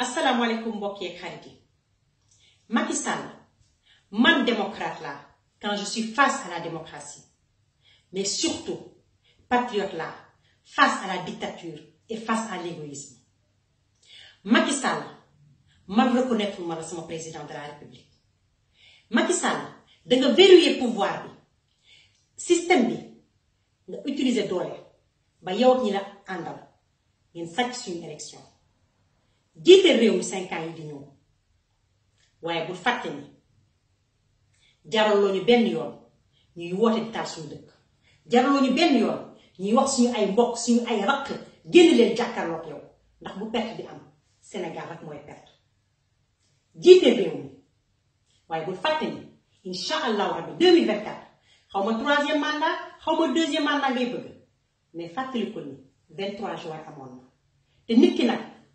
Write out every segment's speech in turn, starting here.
Assalamu qui est xarit Macky Sall man démocrate là, quand je suis face à la démocratie mais surtout patriote là, face à la dictature et face à l'égoïsme Macky Sall man reconnaître ma sama président de la république Macky Sall de nga verrouiller pouvoir bi système bi nga utiliser doole ba yow ñi la andal ngeen élection. jiite réew mi cinq ans yi di ñëw waaye bul fàtte ni jaraloo ñu benn yoon ñuy woote di suñu dëkk jaraloo ñu benn yoon ñuy wax suñu ay mbokk suñu ay raq génn leen jàkkaarloog yow ndax bu perte di am Sénégal rek mooy perte jiite réew mi waaye bul fàtte ni incha allahu rabbi 2024 xaw ma troisième mandat xaw ma deuxième mandat ngay fàttali ko ni 23 amoon na te nit ki nag.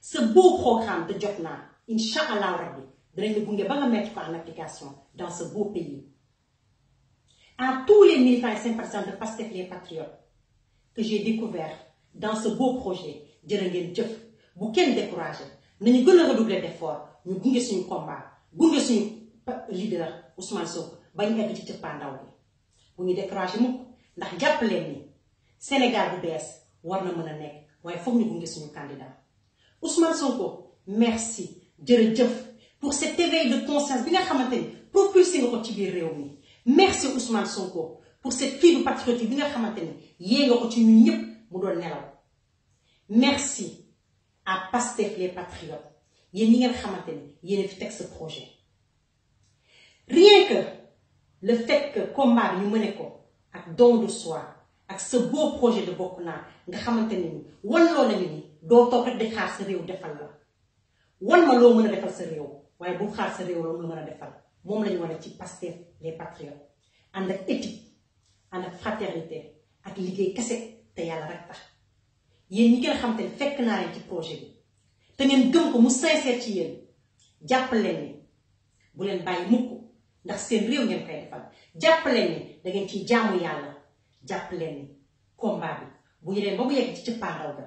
ce beau programme de Jotna Inch'Allah rabbi danañ la ba nga mettre en application dans ce beau pays à tous les militants et personnes de Pastef les patriotes que j'ai découvert dans ce beau projet jërë ngeen jëf bu kenn découragé nañu gën a redoubler d'effort ñu gunge suñu combat gunge suñu leader Ousmane Sok, bañ egg ci un bi bu ñu décourager, mukk ndax jàppaleen ni Sénégal bu bees war na mën a nekk waaye ñu suñu candidat Ousmane Sonko merci jërëjëf pour cet éveil de conscience bi nga xamante ni propulsé nga ko merci Ousmane Sonko pour cette fibre patriotique bi nga xamante ni nga ko ci ñun merci à Pastef les patriotes yéen ñi ngeen xamante ni ce projet rien que le fait que combat bi ñu mëne ko ak don de soi ak sa boo projet de bokk naa nga xamante ne ni walloo nañu ni doo toog rek di xaar sa réew defal la wan ma loo mën a defal sa réew waaye bu xaar sa réew loolu la mën a defal moom lañu war ci Pastef les patriotes ànd ak éthique ànd ak ak liggéey kese te yàlla rek tax yéen ñi ngeen xamante ne fekk naa leen ci projet bi te ngeen gëm ko mu sincère ci yéen jàppal leen ni bu leen bàyyi mukk ndax seen réew ngeen koy defal jàppal leen ni da ngeen yàlla. jàpp leen ni combat bi bu ñu ba mu yegg ci cëppaandaw ga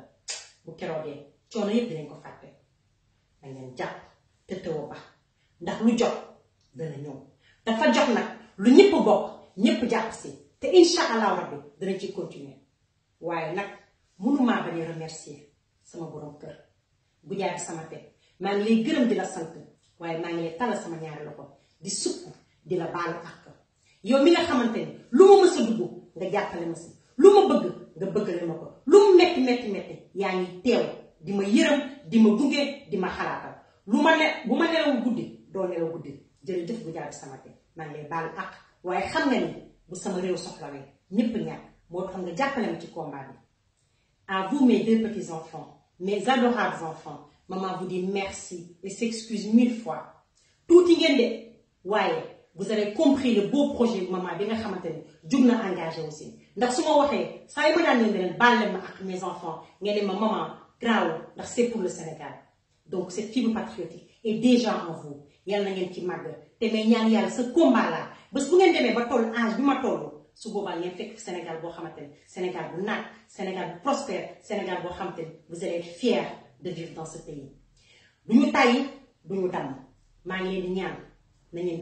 bu keroogee coono yëpp dinañ ko fàtte da jàpp te tëwoo ba ndax lu jot dana ñëw dafa jox nag lu ñëpp bokk ñépp jàpp si te incha allah rabbi danañ ci continuer waaye nag mënumaa bañ a remercier sama borom kër bu jaar sama teg maa ngi lay gërëm di la sant waaye maa ngi lay tala sama ñaari loxo di sukk di la baalu ak yow mi nga xamante lu ma y a nga jàppale ma si lu ma nga bëggale ma ko lu mu metti teew di ma di ma di ma ne bu ma guddi doo nelaw guddi jërëjëf bu jaar sama te maa lay baal ak waaye xam nga ni bu sama réew soxlawee moo xam nga ma ci combat à vous mes deux petits enfants mes adorables enfants maman vous dit merci et s'excuse mille fois Tout ngeen de vous avez compris le beau projet maman bi nga xamante ne jug na engagé aussi ndax su ma ça saa yi ma daan leen leen ma ak mes enfants ngeen maman graaw ndax c'est pour le Sénégal donc cette fibre patriotique est déjà en vous yàlla na ngeen ci màgg te mais ñaan yàlla sa combat la bés bu ngeen demee ba toll âge bi ma toll su boobaa ngeen fekk Sénégal boo xamante Sénégal bu naat Sénégal prospère Sénégal boo xamante vous allez fier de vivre dans ce pays du ñu tàyyi du ma damm maa ngi leen ñaan na ngeen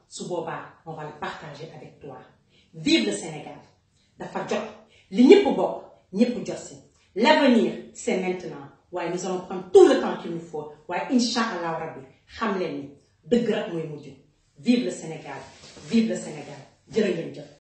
Sous Boba, on va le partager avec toi vive le Sénégal La jot li ñëpp bokk l'avenir c'est maintenant Ouais, nous allons prendre tout le temps qu'il nous faut Inch'Allah. nous allah rabbi xam leen ni vive le Sénégal vive le Sénégal